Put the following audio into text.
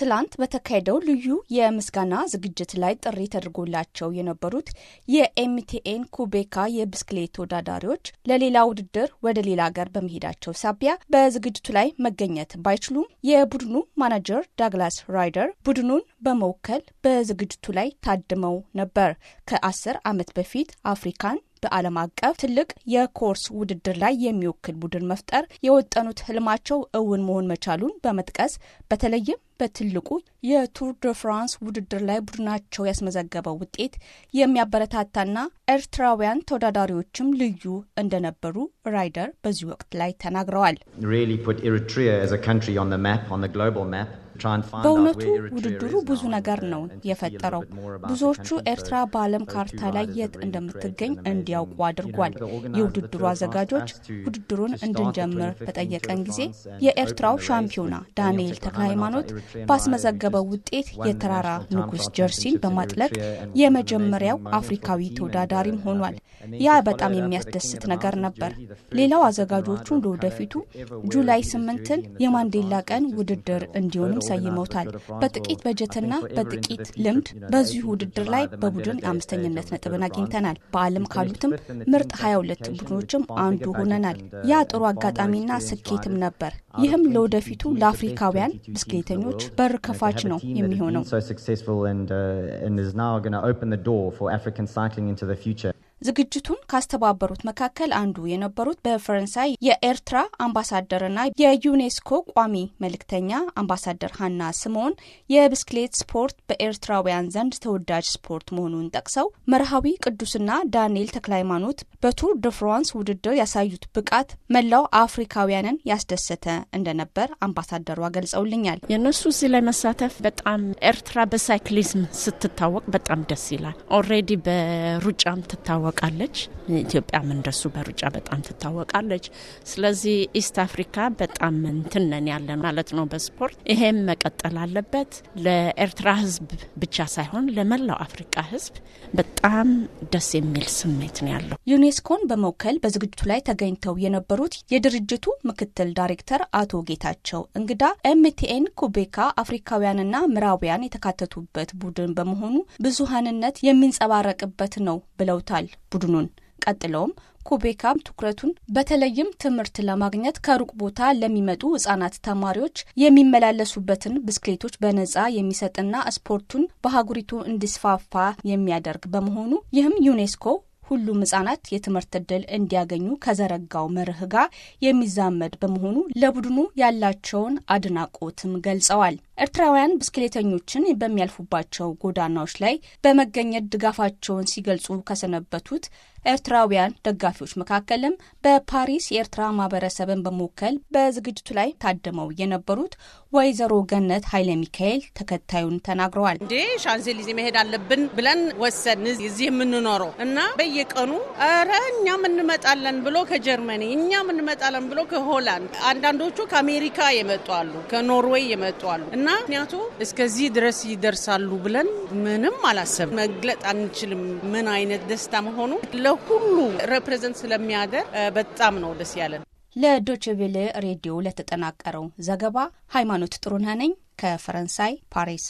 ትላንት በተካሄደው ልዩ የምስጋና ዝግጅት ላይ ጥሪ ተደርጎላቸው የነበሩት የኤምቲኤን ኩቤካ የብስክሌት ተወዳዳሪዎች ለሌላ ውድድር ወደ ሌላ ሀገር በመሄዳቸው ሳቢያ በዝግጅቱ ላይ መገኘት ባይችሉም የቡድኑ ማናጀር ዳግላስ ራይደር ቡድኑን በመወከል በዝግጅቱ ላይ ታድመው ነበር። ከአስር ዓመት በፊት አፍሪካን በዓለም አቀፍ ትልቅ የኮርስ ውድድር ላይ የሚወክል ቡድን መፍጠር የወጠኑት ህልማቸው እውን መሆን መቻሉን በመጥቀስ በተለይም በትልቁ የቱር ደ ፍራንስ ውድድር ላይ ቡድናቸው ያስመዘገበው ውጤት የሚያበረታታና ኤርትራውያን ተወዳዳሪዎችም ልዩ እንደነበሩ ራይደር በዚህ ወቅት ላይ ተናግረዋል። በእውነቱ ውድድሩ ብዙ ነገር ነው የፈጠረው። ብዙዎቹ ኤርትራ በዓለም ካርታ ላይ የት እንደምትገኝ እንዲያውቁ አድርጓል። የውድድሩ አዘጋጆች ውድድሩን እንድንጀምር በጠየቀን ጊዜ የኤርትራው ሻምፒዮና ዳንኤል ተክለ ሃይማኖት ባስመዘገበው ውጤት የተራራ ንጉስ ጀርሲን በማጥለቅ የመጀመሪያው አፍሪካዊ ተወዳዳሪም ሆኗል። ያ በጣም የሚያስደስት ነገር ነበር። ሌላው አዘጋጆቹ ለወደፊቱ ጁላይ ስምንትን የማንዴላ ቀን ውድድር እንዲሆንም ሰይመውታል። በጥቂት በጀትና በጥቂት ልምድ በዚሁ ውድድር ላይ በቡድን አምስተኝነት ነጥብን አግኝተናል። በዓለም ካሉትም ምርጥ 22 ቡድኖችም አንዱ ሆነናል። ያ ጥሩ አጋጣሚና ስኬትም ነበር። ይህም ለወደፊቱ ለአፍሪካውያን ብስክሌተኞች በር ከፋች ነው የሚሆነው። ዝግጅቱን ካስተባበሩት መካከል አንዱ የነበሩት በፈረንሳይ የኤርትራ አምባሳደርና የዩኔስኮ ቋሚ መልእክተኛ አምባሳደር ሀና ስምዖን የብስክሌት ስፖርት በኤርትራውያን ዘንድ ተወዳጅ ስፖርት መሆኑን ጠቅሰው መርሃዊ ቅዱስና ዳንኤል ተክለሃይማኖት በቱር ደ ፍራንስ ውድድር ያሳዩት ብቃት መላው አፍሪካውያንን ያስደሰተ እንደነበር አምባሳደሯ ገልጸውልኛል። የነሱ እዚህ ላይ መሳተፍ በጣም ኤርትራ በሳይክሊዝም ስትታወቅ በጣም ደስ ይላል። ኦልሬዲ በሩጫም ትታወቅ ትታወቃለች። ኢትዮጵያም እንደሱ በሩጫ በጣም ትታወቃለች። ስለዚህ ኢስት አፍሪካ በጣም እንትነን ያለን ማለት ነው በስፖርት ይሄም መቀጠል አለበት። ለኤርትራ ህዝብ ብቻ ሳይሆን ለመላው አፍሪካ ህዝብ በጣም ደስ የሚል ስሜት ነው ያለው። ዩኔስኮን በመወከል በዝግጅቱ ላይ ተገኝተው የነበሩት የድርጅቱ ምክትል ዳይሬክተር አቶ ጌታቸው እንግዳ ኤምቲኤን ኩቤካ አፍሪካውያንና ምዕራባውያን የተካተቱበት ቡድን በመሆኑ ብዙሀንነት የሚንጸባረቅበት ነው ብለውታል። ቡድኑን ቀጥለውም ኩቤካም ትኩረቱን በተለይም ትምህርት ለማግኘት ከሩቅ ቦታ ለሚመጡ ህጻናት ተማሪዎች የሚመላለሱበትን ብስክሌቶች በነጻ የሚሰጥና ስፖርቱን በሀገሪቱ እንዲስፋፋ የሚያደርግ በመሆኑ ይህም ዩኔስኮ ሁሉም ህጻናት የትምህርት እድል እንዲያገኙ ከዘረጋው መርህ ጋር የሚዛመድ በመሆኑ ለቡድኑ ያላቸውን አድናቆትም ገልጸዋል። ኤርትራውያን ብስክሌተኞችን በሚያልፉባቸው ጎዳናዎች ላይ በመገኘት ድጋፋቸውን ሲገልጹ ከሰነበቱት ኤርትራውያን ደጋፊዎች መካከልም በፓሪስ የኤርትራ ማህበረሰብን በመወከል በዝግጅቱ ላይ ታድመው የነበሩት ወይዘሮ ገነት ኃይለ ሚካኤል ተከታዩን ተናግረዋል። እንዴ ሻንዜሊዜ መሄድ አለብን ብለን ወሰን እዚህ የምንኖረው እና በየቀኑ ኧረ እኛም እንመጣለን ብሎ ከጀርመኒ እኛም እንመጣለን ብሎ ከሆላንድ አንዳንዶቹ ከአሜሪካ የመጡ አሉ፣ ከኖርዌይ የመጡ አሉ እና እና ምክንያቱ እስከዚህ ድረስ ይደርሳሉ ብለን ምንም አላሰብ መግለጥ አንችልም ምን አይነት ደስታ መሆኑ ለሁሉ ሬፕሬዘንት ስለሚያደር በጣም ነው ደስ ያለን። ለዶች ሬዲዮ ለተጠናቀረው ዘገባ ሃይማኖት ጥሩነህ ነኝ ከፈረንሳይ ፓሪስ።